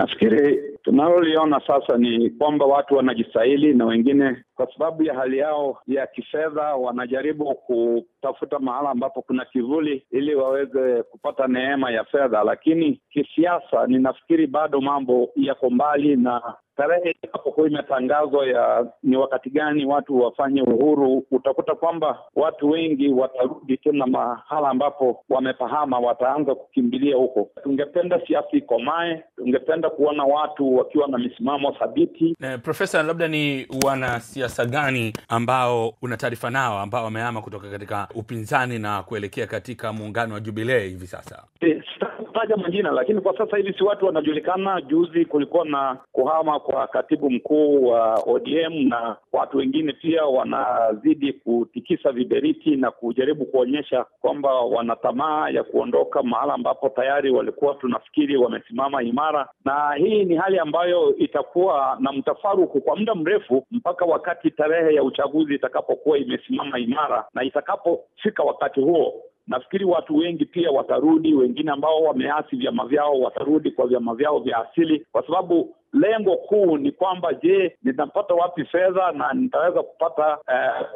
askere Tunaloliona sasa ni kwamba watu wanajistahili na wengine kwa sababu ya hali yao ya kifedha wanajaribu kutafuta mahala ambapo kuna kivuli ili waweze kupata neema ya fedha, lakini kisiasa, ninafikiri bado mambo yako mbali na tarehe inapokuwa imetangazwa ya ni wakati gani watu wafanye uhuru, utakuta kwamba watu wengi watarudi tena mahala ambapo wamepahama, wataanza kukimbilia huko. Tungependa siasa ikomae, tungependa kuona watu wakiwa na misimamo thabiti. Profesa, labda ni wanasiasa gani ambao una taarifa nao ambao wamehama kutoka katika upinzani na kuelekea katika muungano wa Jubilee hivi sasa? Yes. Eh, kutaja majina, lakini kwa sasa hivi si watu wanajulikana. Juzi kulikuwa na kuhama kwa katibu mkuu wa ODM na watu wengine pia wanazidi kutikisa viberiti na kujaribu kuonyesha kwamba wana tamaa ya kuondoka mahala ambapo tayari walikuwa tunafikiri wamesimama imara, na hii ni hali ambayo itakuwa na mtafaruku kwa muda mrefu mpaka wakati tarehe ya uchaguzi itakapokuwa imesimama imara na itakapofika wakati huo Nafikiri watu wengi pia watarudi, wengine ambao wameasi vyama vyao watarudi kwa vyama vyao vya asili, kwa sababu lengo kuu ni kwamba, je, nitapata wapi fedha na nitaweza kupata eh,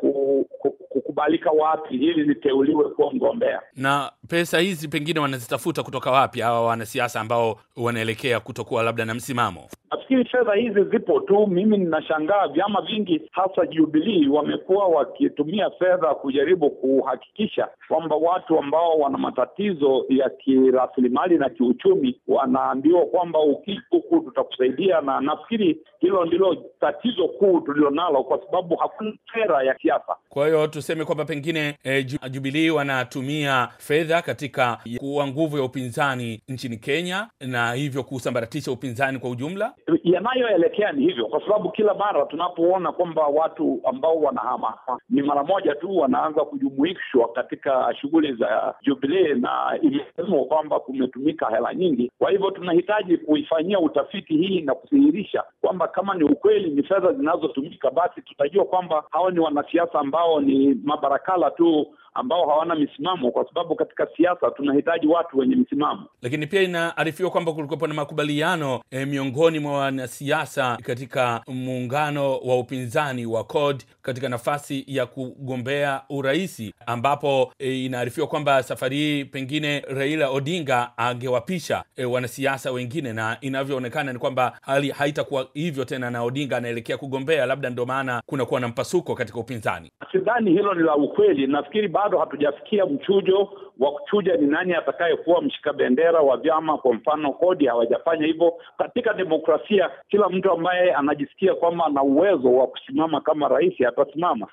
kukubalika wapi ili niteuliwe kuwa mgombea? Na pesa hizi pengine wanazitafuta kutoka wapi hawa wanasiasa ambao wanaelekea kutokuwa labda na msimamo? nafikiri fedha hizi zipo tu. Mimi ninashangaa vyama vingi, hasa Jubilii, wamekuwa wakitumia fedha kujaribu kuhakikisha kwamba watu ambao wana matatizo ya kirasilimali na kiuchumi wanaambiwa kwamba ukija tutakusaidia, na nafikiri hilo ndilo tatizo kuu tulilonalo, kwa sababu hakuna sera ya siasa. Kwa hiyo tuseme kwamba pengine eh, Jubilii wanatumia fedha katika kuwa nguvu ya upinzani nchini Kenya na hivyo kusambaratisha upinzani kwa ujumla yanayoelekea ni hivyo, kwa sababu kila mara tunapoona kwamba watu ambao wanahama ni mara moja tu wanaanza kujumuishwa katika shughuli za Jubilee, na imesemwa kwamba kumetumika hela nyingi. Kwa hivyo tunahitaji kuifanyia utafiti hii na kudhihirisha kwamba kama ni ukweli ni fedha zinazotumika, basi tutajua kwamba hawa ni wanasiasa ambao ni mabarakala tu ambao hawana misimamo, kwa sababu katika siasa tunahitaji watu wenye msimamo. Lakini pia inaarifiwa kwamba kulikuwepo na makubaliano e, miongoni mwa wanasiasa katika muungano wa upinzani wa CORD katika nafasi ya kugombea urahisi ambapo e, inaarifiwa kwamba safari hii pengine Raila Odinga angewapisha e, wanasiasa wengine, na inavyoonekana ni kwamba hali haitakuwa hivyo tena, na Odinga anaelekea kugombea, labda ndio maana kunakuwa na mpasuko katika upinzani. Sidhani hilo ni la ukweli, nafikiri ba bado hatujafikia mchujo wa kuchuja ni nani atakayekuwa mshika bendera wa vyama. Kwa mfano kodi, hawajafanya hivyo. Katika demokrasia, kila mtu ambaye anajisikia kwamba ana uwezo wa kusimama kama rais atasimama.